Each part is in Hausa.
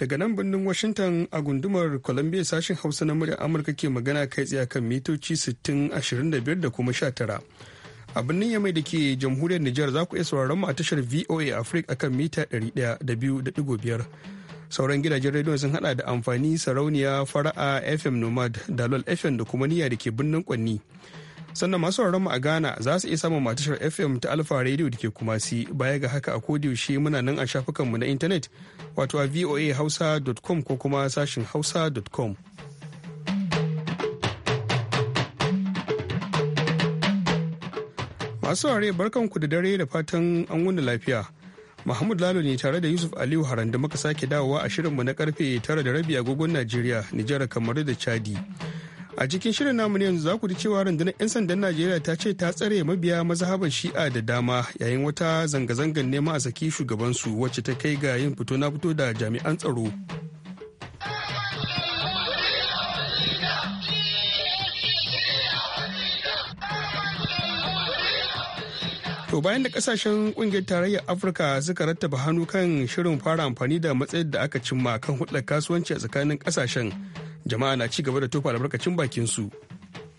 daga nan birnin washington a gundumar columbia sashen hausa na muryar amurka ke magana kai tsaye kan mitoci 60 25 da kuma 19 a birnin yamai da ke jamhuriyar Nijar za ku iya sauraron mu a tashar VOA Africa akan mita 100.5 sauran gidajen rediyon sun hada da amfani sarauniya fara'a FM Nomad, Dalol FM da kuma niyya da ke birnin Kwanni. sannan masu mu a ghana za su iya samun matashar fm ta alfa radio da ke kuma si baya ga haka a kodiyaushe muna nan a shafukanmu na intanet wato a voa com ko kuma sashin hausa.com masu ware barkanku da dare da fatan an wuni lafiya Muhammad Lalo ne tare da Yusuf Aliyu Haran da muka sake dawowa a shirin mu na karfe 9 da rabi agogon Najeriya, Nijar, Kamaru da Chadi. a cikin shirin namu ne yanzu za ku ji cewa rundunar 'yan sandan najeriya ta ce ta tsare mabiya mazhabar shi'a da dama yayin wata zanga-zangar neman a saki shugabansu wacce ta kai ga yin fito na fito da jami'an tsaro To bayan da kasashen kungiyar tarayyar Afirka suka rattaba hannu kan shirin fara amfani da matsayin da aka cimma kan hulɗar kasuwanci a tsakanin kasashen jama'a na ci gaba da tofa albarkacin bakin su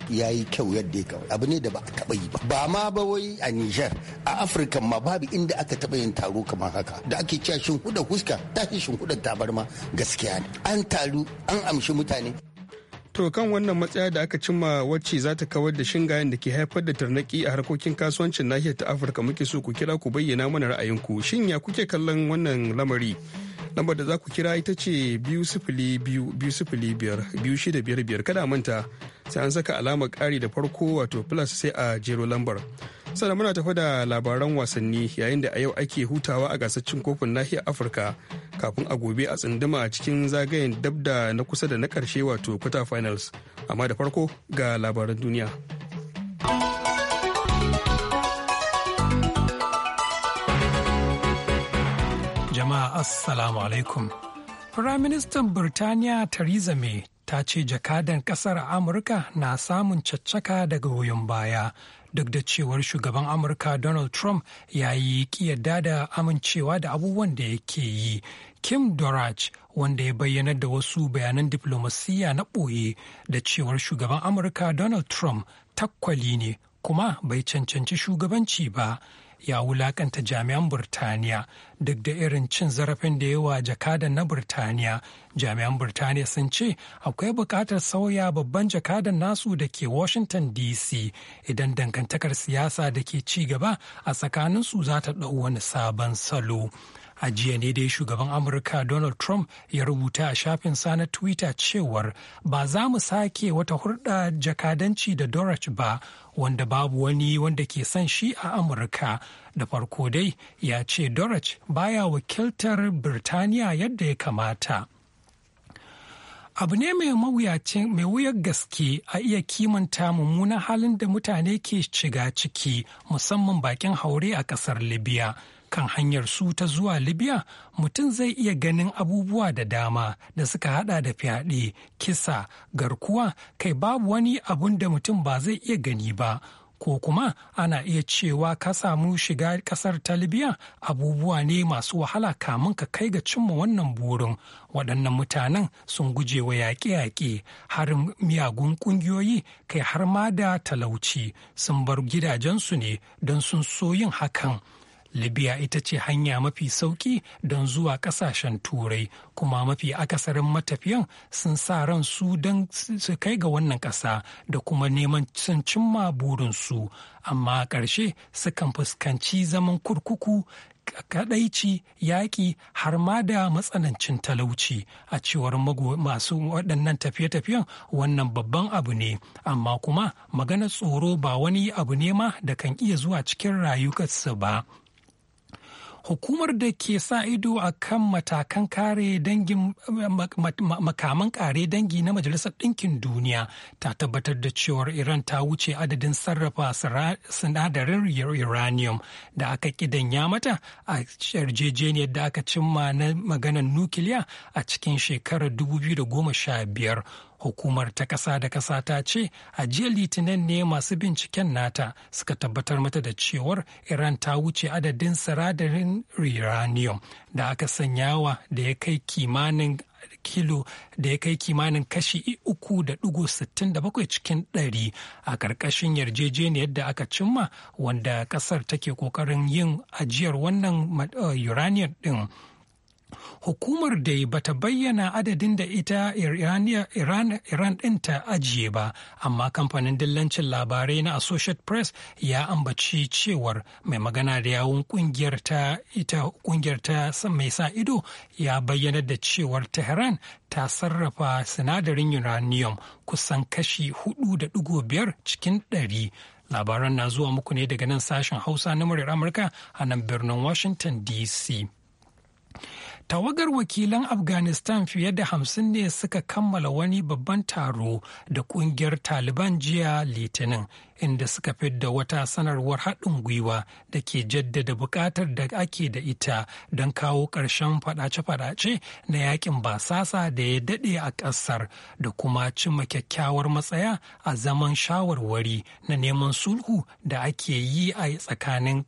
ya yi kyau yadda ya kawai abu ne da ba a taɓa yi ba ba ma ba wai a nijar a afirka ma babu inda aka taba yin taro kamar haka da ake cewa shinhuda huska ta fi tabarma gaskiya ne an taru an amshi mutane to kan wannan matsaya da aka cimma wacce za ta kawar da shingayen da ke haifar da tarnaki a harkokin kasuwancin nahiyar ta afirka muke so ku kira ku bayyana mana ra'ayinku shin ya kuke kallon wannan lamari lambar da za ku kira ita ce biyu sifili biyu biyu sifili biyar biyu shida biyar kada manta sai an saka alamar ƙari da farko wato plus sai a jero lambar sannan muna tafa da labaran wasanni yayin da a yau ake hutawa a gasar cin kofin nahiyar afirka kafin a gobe a tsunduma cikin zagayen dabda na kusa da na ƙarshe wato quarter finals amma da farko ga labaran duniya. assalamu alaikum. Firaministan Birtaniya Theresa May ta ce jakadan kasar Amurka na samun caccaka daga goyon baya duk da cewar shugaban Amurka Donald Trump ya yi kiyarda da amincewa da abubuwan da yake yi. Kim Dorach wanda ya bayyanar da wasu bayanan diplomasiyya na ɓoye da cewar shugaban Amurka Donald Trump takwali ne kuma bai cancanci shugabanci ba ya wulakanta jami'an Burtaniya duk da irin cin zarafin da yawa jakadan na Burtaniya. Jami'an Burtaniya sun ce akwai buƙatar sauya babban jakadan nasu da ke Washington DC idan dangantakar siyasa da ke ci gaba a tsakaninsu za ta ɗau wani sabon salo. A jiya ne dai shugaban Amurka Donald Trump ya rubuta a shafinsa na Twitter cewar ba za mu sake wata hurɗa jakadanci da Dorach ba wanda babu wani wanda ke son shi a Amurka. Da farko dai ya ce Dorach baya wakiltar Birtaniya yadda ya kamata. abu ne mai mawuyacin mai wuyar gaske a iya kimanta mummunan halin da mutane ke shiga ciki musamman bakin haure a kasar libya kan hanyar su ta zuwa libya mutum zai iya ganin abubuwa da dama da suka hada da fyaɗe kisa garkuwa kai babu wani abun da mutum ba zai iya gani ba ko kuma ana iya cewa ka samu shiga kasar ta libya abubuwa ne masu wahala kamun ka kai ga cimma wannan burin waɗannan mutanen sun guje wa yaƙe-yaƙe har miyagun ƙungiyoyi kai har ma da talauci sun bar gidajensu ne don sun so yin hakan libya ita ce hanya mafi sauki don zuwa kasashen turai kuma mafi akasarin matafiyan sun sa ran su don su kai ga wannan ƙasa da kuma neman sun cimma burinsu amma a ƙarshe sukan fuskanci zaman kurkuku kadaici yaƙi har ma da matsanancin talauci a cewar masu waɗannan tafiye-tafiyen wannan babban abu ne amma kuma maganar tsoro ba wani abu ne ma da kan iya zuwa cikin rayukarsu ba hukumar da ke sa ido a kan matakan kare dangin makaman kare dangi na majalisar ɗinkin duniya ta tabbatar da cewar iran ta wuce adadin sarrafa sinadarin uranium da aka kidanya mata a yarjejeniyar da aka cimma na maganar nukiliya a cikin shekarar 2015 Hukumar ta ƙasa da ƙasa ta ce a jiya litinin ne masu binciken nata suka tabbatar mata da cewar Iran ta wuce adadin sinadarin uranium da aka sanyawa da ya kai kimanin kilo da ya kai kimanin kashi bakwai cikin ɗari a ƙarƙashin yarjejeniyar da aka cimma wanda ƙasar take ƙoƙarin yin ajiyar wannan uh, uranium ɗin. Hukumar da bata bayyana adadin da ita Iran ɗin ta ajiye ba, amma kamfanin dillancin labarai na Associate Press ya ambaci cewar mai magana da yawun kungiyar ta mai sa ido ya bayyana da cewar Tehran ta sarrafa sinadarin uranium kusan kashi 4.5 cikin ɗari. Labaran na zuwa muku ne daga nan sashen Hausa na muryar Amurka a nan birnin Washington DC. tawagar wakilan afghanistan fiye da hamsin ne suka kammala wani babban taro da kungiyar taliban jiya litinin inda suka fidda wata sanarwar haɗin gwiwa da ke jaddada buƙatar da ake da ita don kawo ƙarshen faɗace-faɗace na yakin basasa da ya daɗe a ƙasar da kuma cimma kyakkyawar matsaya a zaman shawarwari na neman sulhu da ake yi a tsakanin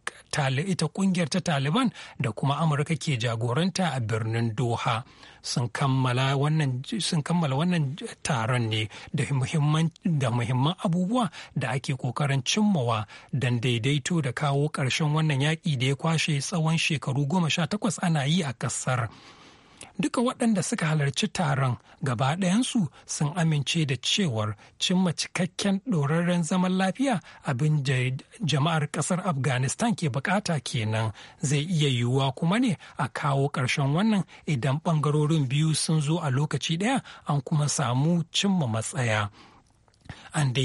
ita ƙungiyar ta taliban da kuma amurka ke jagoranta a birnin doha. sun kammala wannan taron ne da muhimman abubuwa da ake kokarin cimmawa don daidaito da kawo ƙarshen wannan yaƙi da ya kwashe tsawon shekaru goma sha takwas ana yi a ƙasar. duka waɗanda suka halarci taron gaba ɗayansu sun amince da cewar cimma cikakken ɗoraren zaman lafiya abin da jama'ar ƙasar afghanistan ke bukata kenan zai iya yiwuwa kuma ne a kawo ƙarshen wannan idan ɓangarorin biyu sun zo a lokaci ɗaya an kuma samu cimma matsaya. an dai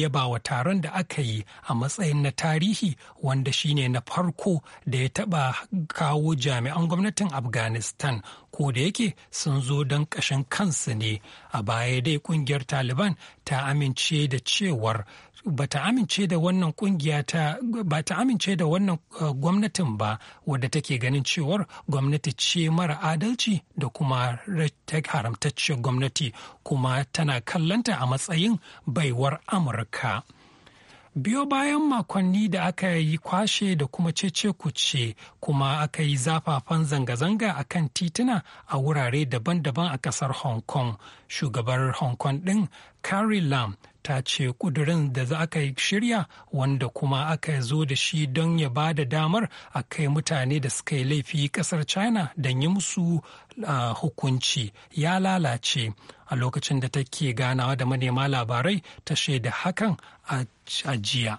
yaba wa taron da aka yi a matsayin na tarihi wanda shine na farko da ya taɓa kawo jami'an gwamnatin afghanistan ko da yake sun zo don ƙashin kansu ne a baya dai ƙungiyar taliban ta amince da cewar ba ta amince da wannan kungiya ta ba ta amince da wannan eh, gwamnatin ba wadda take ganin cewar gwamnati ce mara adalci da kuma haramtacciyar gwamnati kuma tana kallanta a matsayin baiwar amurka. biyo bayan makonni da aka yi kwashe da kuma cece kuce kuma aka yi zafafan zanga-zanga a kan tituna a wurare daban-daban a kasar hong kong shugabar hong kong din carrie lam ta ce kudurin da za aka shirya wanda kuma aka zo da shi don ya ba da damar a kai mutane da suka yi laifi kasar china don yi musu uh, hukunci ya lalace a lokacin da take ganawa da manema labarai ta shaida hakan a jiya.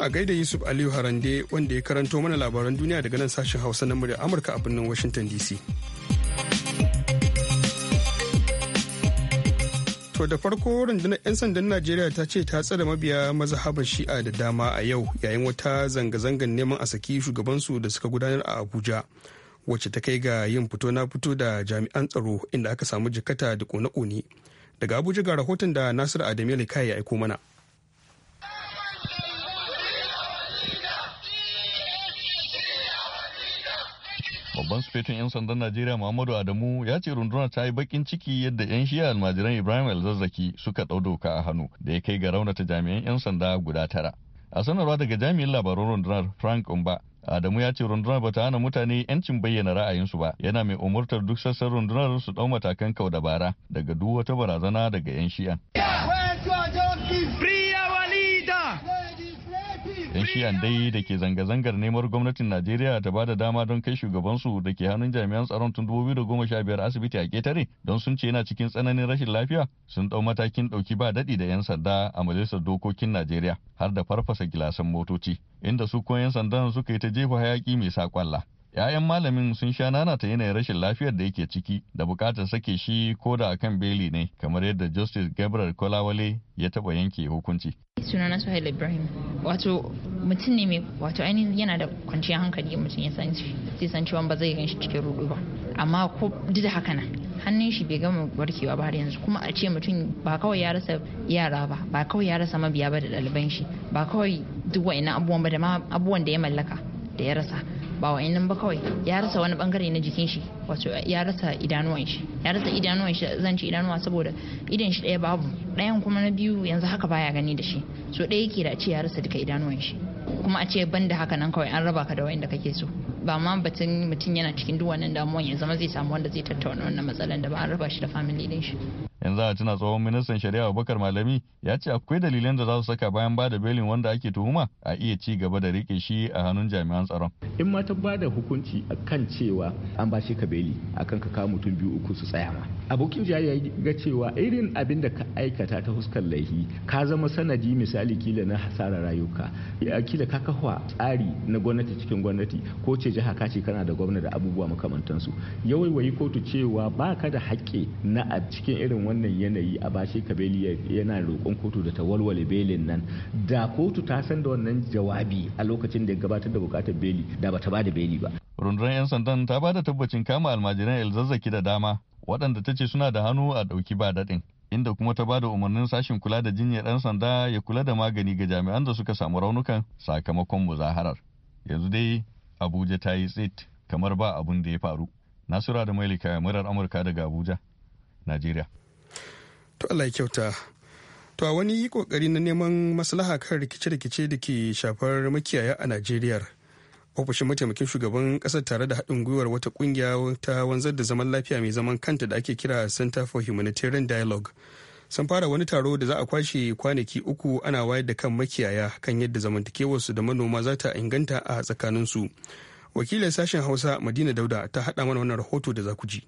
a gaida yusuf aliyu harande wanda ya karanto mana labaran duniya daga nan sashen hausa na murya amurka a birnin washington dc to da farko rundunar 'yan sandan najeriya ta ce ta tsare mabiya mazhaban shi'a da dama a yau yayin wata zanga-zangar neman a saki shugabansu da suka gudanar a abuja wacce ta kai ga yin fito na fito da jami'an tsaro inda aka samu jikata da kone-kone daga abuja ga rahoton da nasiru adamu ya aiko mana Babban sufetun 'yan sandan Najeriya Muhammadu Adamu ya ce rundunar ta yi bakin ciki yadda 'yan shiya almajiran Ibrahim Alzazzaki suka ɗau doka a hannu da ya kai ga raunata jami'an 'yan sanda guda tara. A sanarwa daga jami'in labarun rundunar Frank Umba, Adamu ya ce rundunar bata hana mutane 'yancin bayyana ra'ayinsu ba, yana mai umurtar duk sassan rundunar su ɗau matakan kau da bara daga duk wata barazana daga 'yan shiya. 'Yan shiyan dai da ke zanga-zangar neman gwamnatin Najeriya ta ba da dama don kai shugabansu da ke hannun jami'an tsaron tun 2015 asibiti a ketare don sun ce yana cikin tsananin rashin lafiya sun dau matakin ɗauki ba daɗi da 'yan sanda a majalisar dokokin Najeriya har da farfasa gilasan motoci inda su kuma 'yan sandan suka yi ta jefa hayaki mai saƙwalla. 'ya'yan malamin sun sha ta yanayin rashin lafiyar da yake ciki da bukatar sake shi ko da akan beli ne kamar yadda justice gabriel kolawale ya taba yanke hukunci sunana suhail ibrahim wato mutum ne mai wato ainihin yana da kwanciyar hankali mutum ya san zai san cewa ba zai ganshi cikin rudu ba amma ko duk da haka na hannun shi bai gama warkewa ba har yanzu kuma a ce mutum ba kawai ya rasa yara ba ba kawai ya rasa mabiya ba da ɗaliban shi ba kawai duk wa'annan abubuwan ba da ma abubuwan da ya mallaka da ya rasa ba wa ba kawai ya rasa wani bangare na jikin shi wato ya rasa idanuwan shi ya rasa idanuwan shi zan ci idanuwa saboda idan shi daya babu dayan kuma na biyu yanzu haka baya gani da shi so daya yake da ce ya rasa duka idanuwan shi kuma a ce banda da haka nan kawai an raba ka da wanda kake so ba ma batun mutum yana cikin duk wannan damuwan ya zama zai samu wanda zai tattauna wannan matsalan da ba an raba shi da family din shi yanzu za a tuna tsohon ministan shari'a abubakar malami ya ce akwai dalilan da za su saka bayan ba da belin wanda ake tuhuma a iya ci gaba da rike shi a hannun jami'an tsaron in ma ta ba da hukunci kan cewa an ba shi ka beli akan ka kawo mutum biyu uku su tsaya ma abokin jihar ga cewa irin abin da ka aikata ta fuskar laifi ka zama sanadi misali kila na hasarar rayuka kila ka kafa tsari na gwamnati cikin gwamnati ko ce jiha ka ce kana da gwamna da abubuwa makamantansu yawai wai kotu cewa ba ka da haƙƙi na a cikin irin wannan yanayi a bashe kabeli yana roƙon kotu da ta walwale belin nan da kotu ta san da wannan jawabi a lokacin da ya gabatar da bukatar beli da ba bata da beli ba rundunar 'yan sandan ta ba da tabbacin kama almajiran elzazzaki da dama waɗanda ta ce suna da hannu a ɗauki ba daɗin inda kuma ta ba da umarnin sashin kula da jinyar ɗan sanda ya kula da magani ga jami'an da suka samu raunukan sakamakon muzaharar yanzu dai abuja ta yi tsit kamar ba abun da ya faru nasura da mailika murar amurka daga abuja najeriya to Allah ya kyauta to a wani kokari na neman maslaha kan rikice-rikice da ke shafar makiyaya a Najeriya ofishin mataimakin shugaban kasar tare da haɗin gwiwar wata ƙungiya ta wanzar da zaman lafiya mai zaman kanta da ake kira center for humanitarian dialogue sun fara wani taro da za a kwashe kwanaki uku ana wayar da kan makiyaya kan yadda zamantakewarsu da manoma za ta inganta a tsakaninsu wakilin sashen hausa madina dauda ta haɗa mana wannan rahoto da za ku ji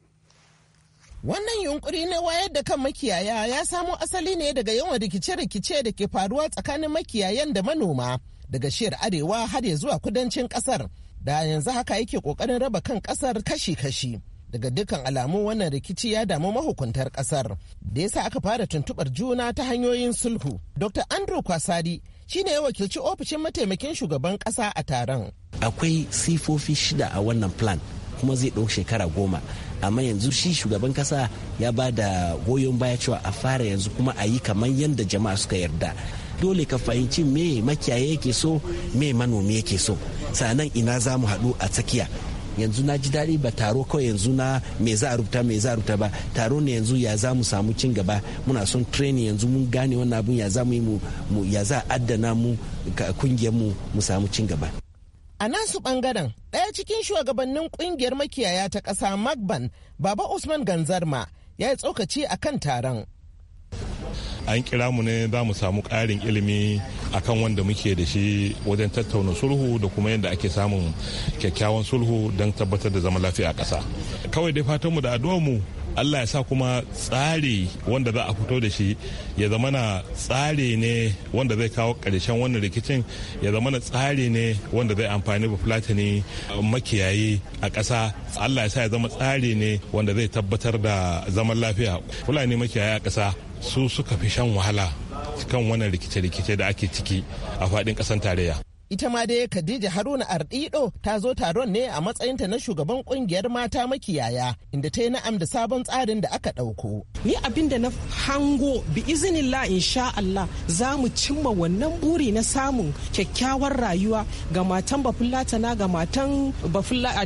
Wannan yunkuri na wayar da kan makiyaya ya samo asali ne daga yawan rikice-rikice da ke faruwa tsakanin makiyayan da manoma daga shiyar arewa har ya zuwa kudancin kasar da yanzu haka yake kokarin raba kan kasar kashi-kashi. Daga dukkan alamu wannan rikici ya damu mahukuntar kasar da yasa aka fara tuntubar juna ta hanyoyin sulhu. Dr. Andrew Kwasari shine ya wakilci ofishin mataimakin shugaban kasa a taron. Akwai sifofi shida a wannan plan kuma zai ɗau shekara goma amma yanzu shi shugaban kasa ya ba da goyon baya cewa a fara yanzu kuma a yi kamar yadda jama'a suka yarda dole ka fahimci me makiyaye yake so me manomi yake so sanan ina za mu haɗu a tsakiya yanzu na ji daɗi ba taro kawai yanzu na me za a rubuta me za a rubuta ba taro ne yanzu ya za mu samu cin gaba muna son training yanzu mun gane wannan abun ya za mu yi mu ya za a addana mu kungiyar mu mu samu cin gaba A nasu bangaren ɗaya cikin shugabannin kungiyar makiyaya ta ƙasa Magban Baba Usman Ganzarma ya yi tsokaci a kan taron. An kira mu ne za mu samu ƙarin ilimi a kan wanda muke da shi wajen tattauna sulhu da kuma yadda ake samun kyakkyawan sulhu don tabbatar da zaman lafiya a ƙasa. Kawai dai fatanmu da mu allah ya sa kuma tsari wanda za a fito da shi ya zama na tsari ne wanda zai kawo karshen wannan rikicin ya zama na tsari ne wanda zai amfani ba fulatani makiyayi a ƙasa allah ya sa ya zama tsari ne wanda zai tabbatar da zaman lafiya fulani makiyayi a ƙasa su suka fi shan wahala kan wannan rikice-rikice da ake ciki a faɗin ƙasan tarayya ita ma dai Khadija Haruna Ardido ta zo taron ne a matsayinta na shugaban kungiyar mata makiyaya inda ta yi na'am da sabon tsarin da aka ɗauko. Ni abin da na hango bi izinillah insha Allah za mu cimma wannan buri na samun kyakkyawar rayuwa ga matan bafulatana ga matan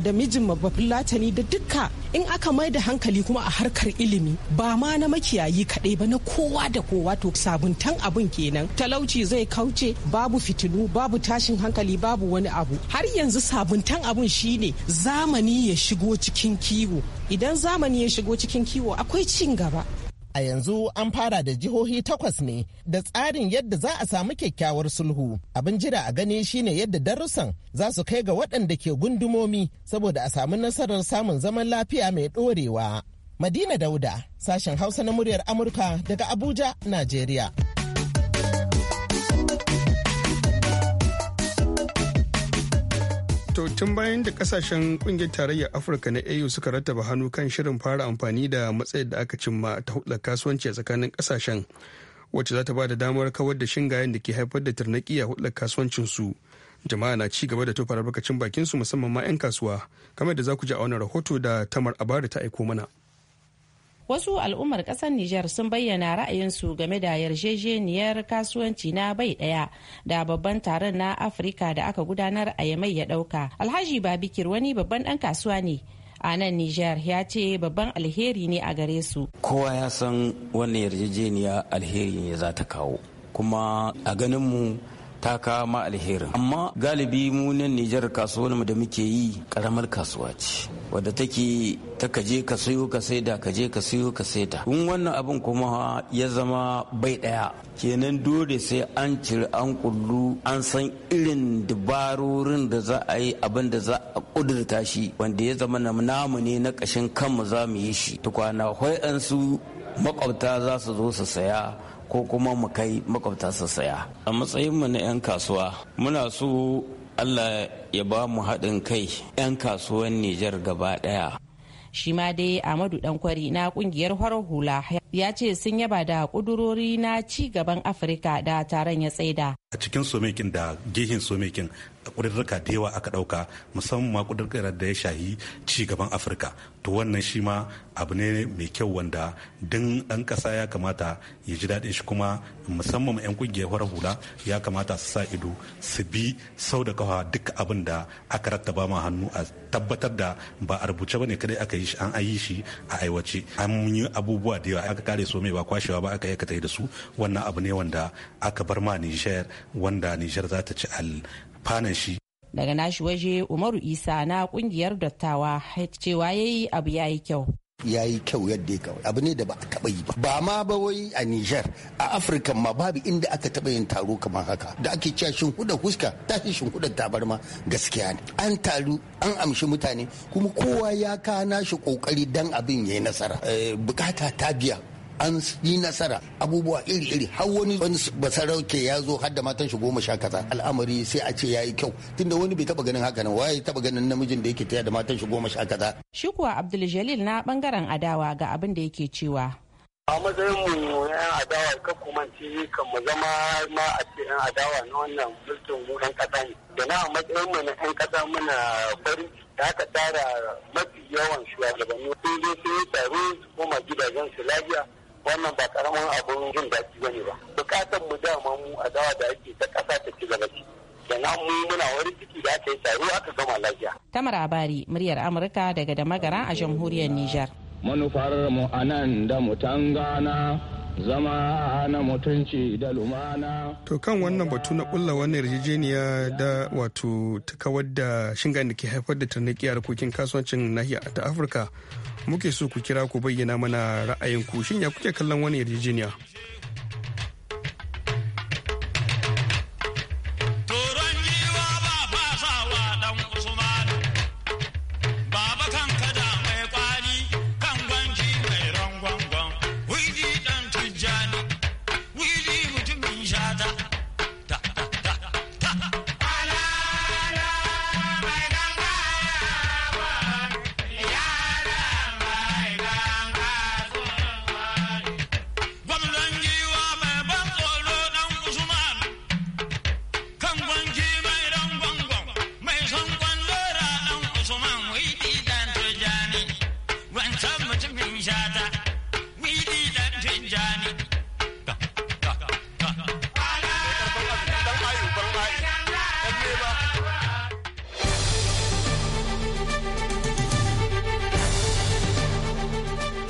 da mijin bafulatani da dukka in aka mai da hankali kuma a harkar ilimi ba ma na makiyayi kaɗai ba na kowa da kowa to sabuntan abin kenan talauci zai kauce babu fitilu babu tashin tashin hankali babu wani abu har yanzu sabuntan abun shine zamani ya shigo cikin kiwo idan zamani ya shigo cikin kiwo akwai cin gaba a yanzu an fara da jihohi takwas ne da tsarin yadda za a samu kyakkyawar sulhu abin jira a gani shine yadda darussan za su kai ga waɗanda ke gundumomi saboda a samu nasarar samun zaman lafiya mai ɗorewa madina dauda sashen hausa na muryar amurka daga abuja najeriya To tun bayan da kasashen kungiyar tarayyar Afirka na AU suka rattaba hannu kan shirin fara amfani da matsayar da aka cimma ta hulɗar kasuwanci a tsakanin kasashen wacce za ta ba da damar kawar da shingayen da ke haifar da tarnaki a hulɗar kasuwancin su. Jama'a na ci gaba da tofa albarkacin bakin su musamman ma 'yan kasuwa kamar da za ku ji a wani rahoto da Tamar Abari ta aiko mana. Wasu al'ummar kasar Nijar sun bayyana ra'ayinsu game da yarjejeniyar kasuwanci na bai ɗaya da babban taron na Afirka da aka gudanar a Yamai ya ɗauka. Alhaji Babikir wani babban ɗan kasuwa ne. a nan Nijar ya ce babban alheri ne a gare su. Kowa ya san wannan yarjejeniya alheri ne za ta kawo. Kuma a ganinmu ta kawo ma alherin amma galibi mu nan Nijar kasuwar mu da muke yi karamar kasuwa ce wadda take ta kaje ka sayo ka saida ka je ka sayo ka saida in wannan abin kuma ya zama bai daya kenan dole sai an cire an kullu an san irin dabarorin da za a yi abin da za a kudurta shi wanda ya zama namu ne na kashin kanmu za mu yi shi tukwana hoyansu makwabta za su zo su saya ko kuma mu kai makwabta su saya a mu na 'yan kasuwa muna so allah ya ba mu haɗin kai 'yan kasuwan nijar gaba ɗaya shi ma dai amadu ɗankwari na ƙungiyar farar hula ya ce sun yaba da kudurori na ci gaban afirka da taron ya tsaida a cikin somekin da gehin somekin kudurruka da yawa aka dauka musamman ma kudurkar da ya shahi ci gaban afirka to wannan shi ma abu ne mai kyau wanda din dan kasa ya kamata ya ji daɗin shi kuma musamman yan kungiyar fara hula ya kamata su sa ido su bi sau da kawa duk abin da aka rattaba ma hannu a tabbatar da ba a rubuce ne kadai aka yi shi an ayi shi a aiwace an yi abubuwa da yawa kare so mai ba kwashewa ba aka yaka da su wannan abu ne wanda aka bar ma nijar wanda nijar za ta ci alfanan shi daga nashi waje umaru isa na kungiyar dattawa cewa yayi abu yayi kyau ya yi kyau yadda ya kawai abu ne da ba a taɓa yi ba ba ma ba wai a nijar a afirka ma babu inda aka taɓa yin taro kamar haka da ake cewa huda huska ta shi shinhuda tabarma gaskiya ne an taru an amshi mutane kuma kowa ya kana shi kokari dan abin ya yi nasara eh, bukata ta biya an yi nasara abubuwa iri-iri har wani wani basarauke ya zo har da matan shi goma sha kaza al'amari sai a ce ya yi kyau tunda wani bai taba ganin haka nan waye taba ganin namijin da yake taya da matan shi goma sha kaza. shi kuwa abdul na bangaren adawa ga abin da yake cewa. a matsayin mu yan adawa ka kuma ci kan mu zama ma a ce yan adawa na wannan mulkin mu kasa ne da na matsayin mu na yan kasa muna farin da aka tara mafi yawan shugabanni sun zo sun yi taro koma gidajen su lafiya wannan ba karamin abun jin daɗi bane ba bukatar mu dama mu a dawa da ake ta ƙasa ta ci gaba da na mu muna wani ciki da aka yi taro aka gama lafiya tamar abari muryar amurka daga da magara a jamhuriyar niger manufar mu anan da mu gana. zama na mutunci da lumana. To kan wannan batu na kulla wannan yarjejeniya da wato ta kawar da shinga da ke haifar da tarnaki a harkokin kasuwancin nahiya ta Afirka muke so ku kira ku bayyana mana ra'ayinku shin ya kuke kallon wani yarjejeniya?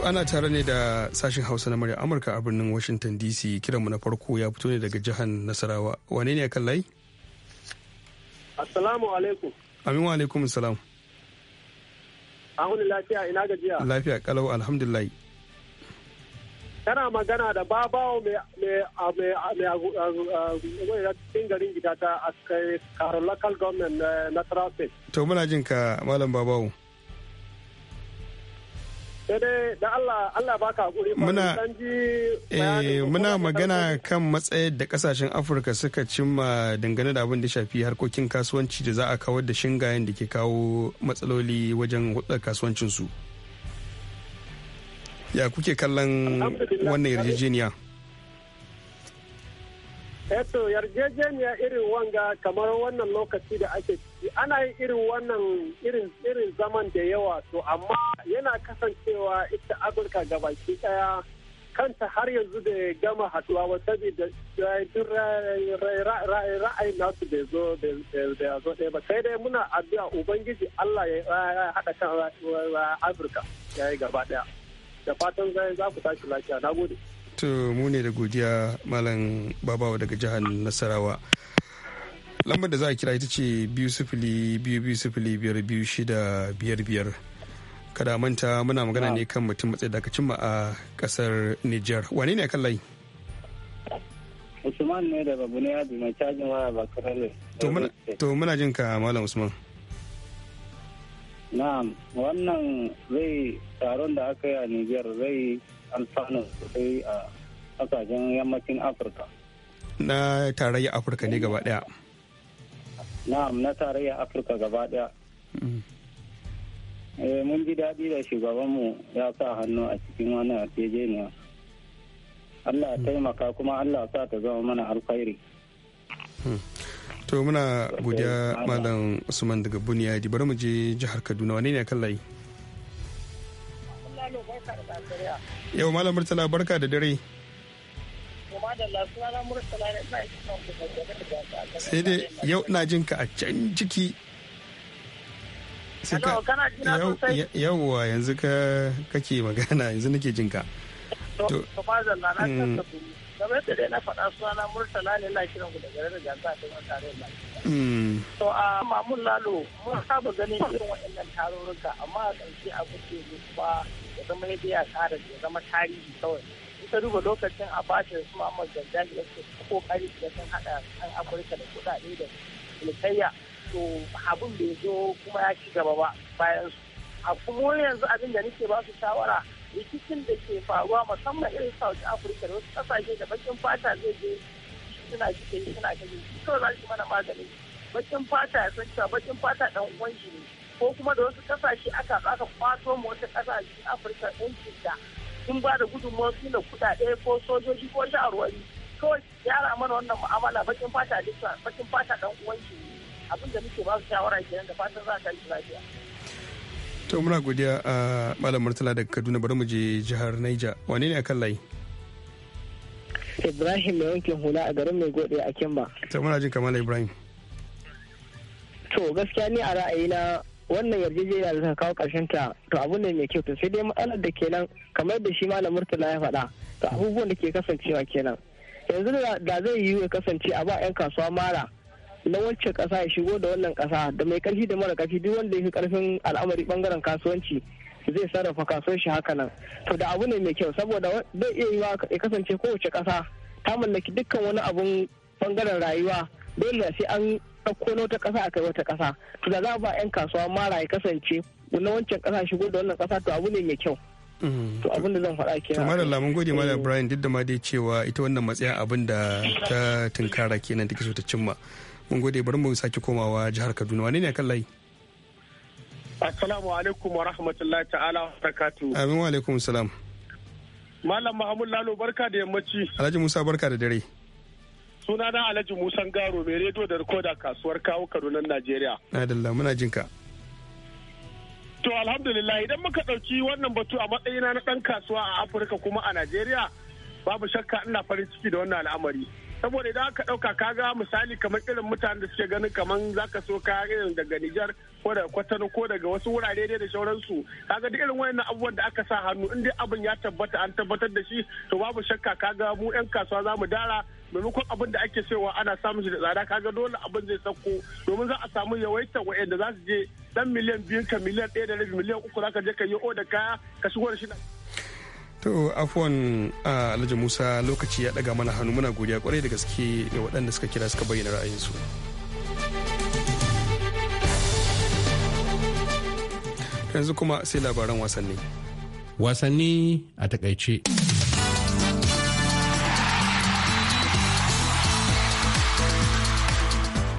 To ana tare ne da sashen Hausa na murya Amurka a birnin Washington DC kiranmu na farko ya fito ne daga jihar Nasarawa. Wane ne kan layi? Assalamu alaikum. Amin wa alaikum salam. Ahuni lafiya ina gajiya. Lafiya kalau alhamdulillah. Kana magana da babawo mai mai cikin garin gida ta a Karol Local Government eh, na Traffic. To muna jin ka Malam Babawo. muna eh, muna magana kan matsayar da kasashen afirka suka cimma dangane da abin da shafi harkokin kasuwanci da za a kawar da shingayen da ke kawo matsaloli wajen hudar kasuwancinsu ya kuke kallon wannan yarjejeniya eto yarjejeniya irin wanga kamar wannan lokaci da ake ciki ana yin irin wannan irin zaman da yawa to amma yana kasancewa ita afirka ga baki daya kanta har yanzu da ya gama haduwa ba saboda duk ra'ayin nasu da zo da ya zo ba sai dai muna addu'a ubangiji allah ya haɗa kan afirka ya yi gaba daya da fatan zai za ku tashi lafiya na gode to mu ne da godiya malam babawa daga jihar nasarawa lambar da za a kira ita ce biyu sifili biyu biyu sifili biyar biyu shida biyar biyar kada manta muna magana ne kan mutum matsayi da aka cimma a kasar niger wane ne kan layi usman ne da babu ne abu mai cajin waya ba karale to muna jin ka malam usman na'am wannan zai taron da aka yi a niger zai alfanu sosai a kasashen yammacin afirka na tarayyar afirka ne gaba daya na'am na tarayyar afirka gaba daya mm. eh, mun ji daɗi da shugabanmu ya sa hannu a cikin wani yarjejeniya allah mm. taimaka kuma allah sa ta zama mana alkhairi mm. to muna godiya malam usman daga buniyadi bari mu je jihar kaduna wane ne kan layi yau malam murtala barka da dare sai dai yau na jin ka a can ciki yauwa yanzu ka kake magana yanzu nake jin ka kamar yadda dai na faɗa sunana murtala ne na kiran ku da garin gasa a cikin tarayyar lafiya. Hmm. to a mamun lalo mun saba ganin irin waɗannan tarurruka amma a ƙarshe a kuke ba ya zama yadda ya tsara ya zama tarihi kawai ita duba lokacin a bashi da su Muhammad Gandal ya ce kokari da sun haɗa kan Afirka da kuɗaɗe da cinikayya to abin bai zo kuma ya ci gaba ba bayan su. A kuma yanzu abin da nake ba su shawara rikicin da ke faruwa musamman irin south africa da wasu kasashe da bakin fata zai je suna jike suna gani to za su mana magani bakin fata ya san cewa bakin fata dan uwan shi ne ko kuma da wasu kasashe aka aka kwato mu wata cikin afirka dan da sun ba da gudunmawar su da kuɗaɗe ko sojoji ko shawarwari ko yara mana wannan mu'amala bakin fata da bakin fata dan uwan shi ne abin da muke ba su shawara kenan da fatan za ka yi lafiya to muna godiya a malam murtala daga kaduna bari mu je jihar naija wane ne akan layi ibrahim mai wankin hula a garin mai gode a kimba to muna jin kamala ibrahim to gaskiya ni a ra'ayi na wannan yarjejeniya da ta kawo karshen ta to abu ne mai kyau to sai dai matsalar da kenan kamar da shi malam murtala ya faɗa to abubuwan da ke kasancewa kenan yanzu da zai yiwu ya kasance a ba 'yan kasuwa mara na wacce kasa ya shigo da wannan kasa da mai karfi da mara karfi duk wanda ya fi karfin al'amari bangaren kasuwanci zai sarrafa kasuwar shi haka nan to da abu ne mai kyau saboda zai iya yiwa ya kasance kowace kasa ta mallaki dukkan wani abun bangaren rayuwa dole sai an ɗauko na wata kasa a kai wata kasa to da za a ba 'yan kasuwa mara ya kasance na wancan kasa shigo da wannan kasa to abu ne mai kyau mm-hmm. to abin da zan faɗa kenan to lamun gode Brian duk da ma dai cewa ita wannan matsayin abin da ta tunkara kenan take so ta cimma mun gode bari mu sake komawa jihar kaduna wane ne kan layi assalamu alaikum wa rahmatullahi ta'ala wa barakatu amin wa alaikum salam malam mahamud lalo barka da yammaci alhaji musa barka da dare suna na alhaji musan garo mai rediyo da rikoda kasuwar kawo kaduna najeriya adalla muna jinka to alhamdulillah idan muka ɗauki wannan batu a matsayina na ɗan kasuwa a afirka kuma a najeriya babu shakka ina farin ciki da wannan al'amari saboda idan aka ɗauka kaga misali kamar irin mutanen da suke ganin kamar zaka so ka irin daga Nijar ko daga Kwatano ko daga wasu wurare da sauransu kaga duk irin wayannan abubuwan da aka sa hannu in dai abin ya tabbata an tabbatar da shi to babu shakka kaga mu 'yan kasuwa za mu dara maimakon abin da ake cewa ana samun shi da tsada kaga dole abin zai sauko domin za a samu yawaitar wa'anda za su je dan miliyan biyu ka miliyan ɗaya da rabi miliyan uku za ka je ka yi oda kaya ka shigo da shi na. To afuwan Alhaji Musa lokaci ya ɗaga mana hannu muna godiya kwarai da gaske ga waɗanda suka kira suka bayyana ra'ayinsu. Yanzu kuma sai labaran wasanni. Wasanni a takaice.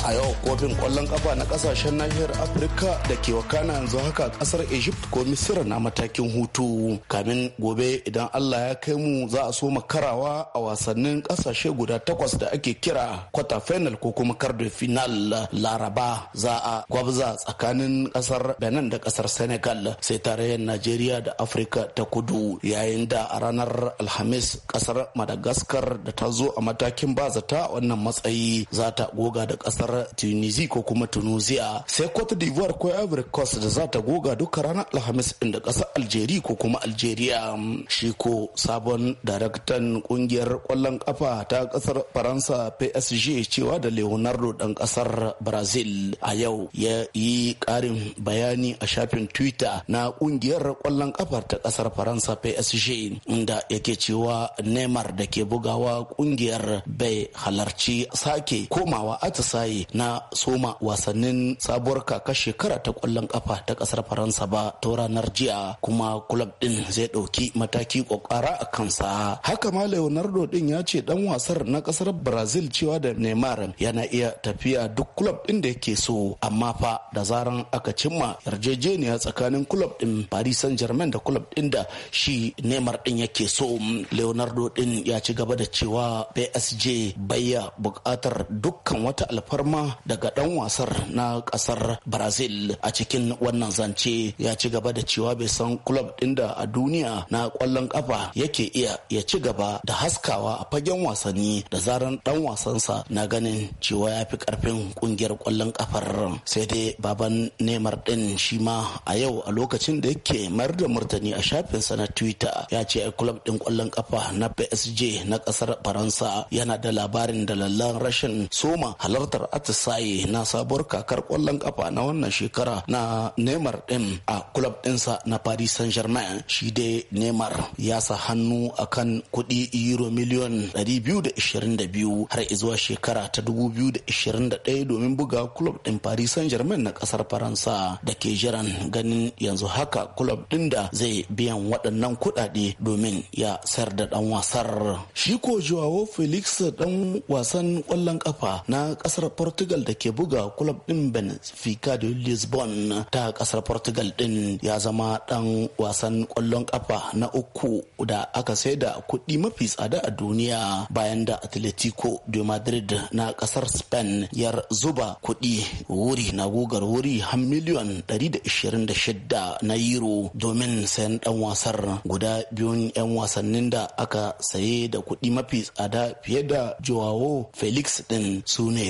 a yau kofin kwallon kafa na kasashen nahiyar afirka da ke wakana yanzu haka kasar egypt ko misir na matakin hutu kamin gobe idan allah ya kai mu za a so makarawa a wasannin kasashe guda takwas da ake kira kwata final ko kuma kardo final laraba za a gwabza tsakanin kasar benin da kasar senegal sai tarayyar najeriya da afirka ta kudu yayin da a ranar alhamis kasar madagascar da ta zo a matakin bazata wannan matsayi za ta goga da kasar tunisia ko kuma tunisia sai cote d'ivoire ko ivory coast da za ta goga duka ranar alhamis inda ƙasar algeria ko kuma algeria shi ko sabon daraktan ƙungiyar ƙwallon ƙafa ta ƙasar faransa psg cewa da leonardo dan ƙasar brazil a yau ya yi ƙarin bayani a shafin twitter na ƙungiyar ƙwallon ƙafa ta ƙasar faransa psg inda yake cewa neymar da ke bugawa ƙungiyar bai halarci sake komawa atisaye na soma wasannin sabuwar kaka shekara ta kwallon kafa ta kasar faransa ba ta ranar jiya kuma kulab din zai dauki mataki kokara a kansa haka ma leonardo din ya ce dan wasar na kasar brazil cewa da neymar yana iya tafiya duk kulab din da yake so amma fa da zaran aka cimma yarjejeniya tsakanin kulab din paris saint germain da kulab din da shi neymar din yake so leonardo din ya ci gaba da cewa psg bayya bukatar dukkan wata alfarma dama daga dan wasar na kasar brazil a cikin wannan zance ya ci gaba da cewa bai san club din da a duniya na kwallon kafa yake iya ya ci gaba da haskawa a fagen wasanni da zaran dan wasansa na ganin cewa ya fi karfin kungiyar kwallon kafar sai dai baban neymar din shi ma a yau a lokacin da yake mayar da murtani a shafinsa na twitter ya ce a club din kwallon kafa na psg na kasar faransa yana da labarin da lallan rashin soma halartar saye na sabuwar kakar kwallon kafa na wannan shekara na Neymar din a club dinsa na Paris Saint-Germain shi dai Neymar ya sa hannu akan kuɗi euro miliyon 222 har zuwa shekara ta 2021 domin buga club din Paris Saint-Germain na kasar Faransa da ke jiran ganin yanzu haka club din da zai biyan waɗannan kuɗaɗe domin ya sayar da ɗan wasar. Shi ko Joao Felix ɗan wasan kwallon kafa na kasar Portugal da ke buga kulob din Benfica de Lisbon ta kasar Portugal din ya zama dan wasan kwallon kafa na uku da aka sai da kuɗi mafi tsada a duniya bayan da Atletico de Madrid na ƙasar Spain yar zuba kuɗi wuri na gugar wuri har miliyon 126 na euro domin sayan dan wasar guda biyun 'yan wasannin da aka saye da kuɗi mafi tsada fiye da Joao Felix din su ne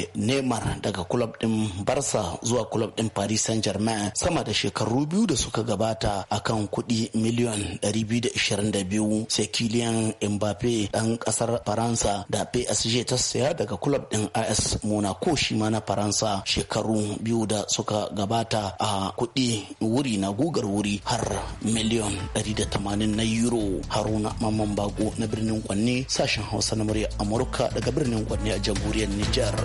Neymar daga kulob ɗin Barca zuwa kulob ɗin Paris Saint-Germain sama da shekaru biyu da suka gabata akan kuɗi miliyon 222 sai Kylian Mbappe ɗan ƙasar Faransa da PSG ta saya daga kulob ɗin AS Monaco shi ma na Faransa shekaru biyu da suka gabata a kuɗi wuri na gugar wuri har miliyon 180 na euro haruna mamman Bago na birnin kwanne sashen hausa na murya amurka daga birnin kwanne a jamhuriyar nijar.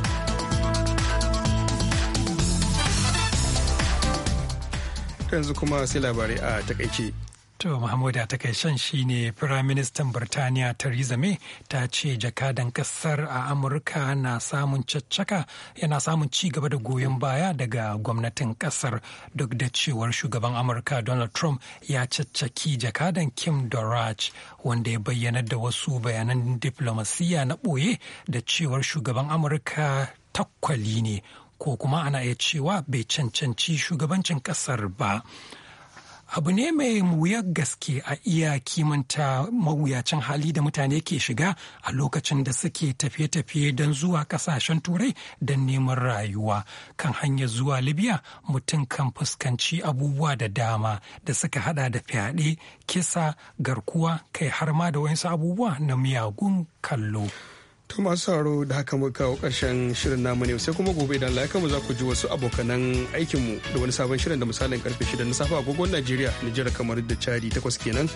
yanzu kuma sai labarai a takaice. To Mahmud shan takaicen shine Firaministan Birtaniya Theresa May ta ce jakadan kasar a Amurka na samun caccaka yana samun ci gaba da goyon baya daga gwamnatin kasar duk da cewar shugaban Amurka Donald Trump ya caccaki jakadan Kim Doraj wanda ya bayyana da wasu bayanan diplomasiya na ɓoye da cewar shugaban Amurka takwali ne ko kuma ana iya cewa bai cancanci shugabancin ƙasar ba. abu ne mai wuyar gaske a iya kimanta mawuyacin hali da mutane ke shiga a lokacin da suke tafiye-tafiye don zuwa kasashen turai don neman rayuwa kan hanyar zuwa libya mutum kan fuskanci abubuwa da dama da suka hada da fyaɗe kisa garkuwa kai har ma da wasu abubuwa na miyagun kallo To masu sauraro da haka muka kawo ƙarshen shirin namu ne sai kuma gobe idan Allah mu za ku ji wasu abokanan aikinmu da wani sabon shirin da misalin karfe shida na safe agogon Najeriya, Nijar kamar da Chadi takwas kenan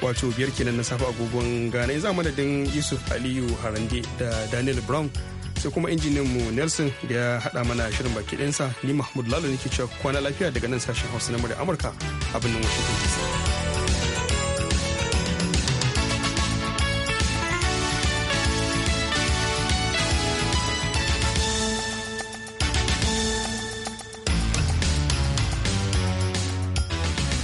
wato biyar kenan na safe agogon Ghana yanzu madadin Yusuf Aliyu Harande da Daniel Brown sai kuma injinin mu Nelson da ya hada mana shirin baki ɗinsa ni Mahmud Lalo nake cewa kwana lafiya daga nan sashen Hausa na Amurka abin birnin Washington DC.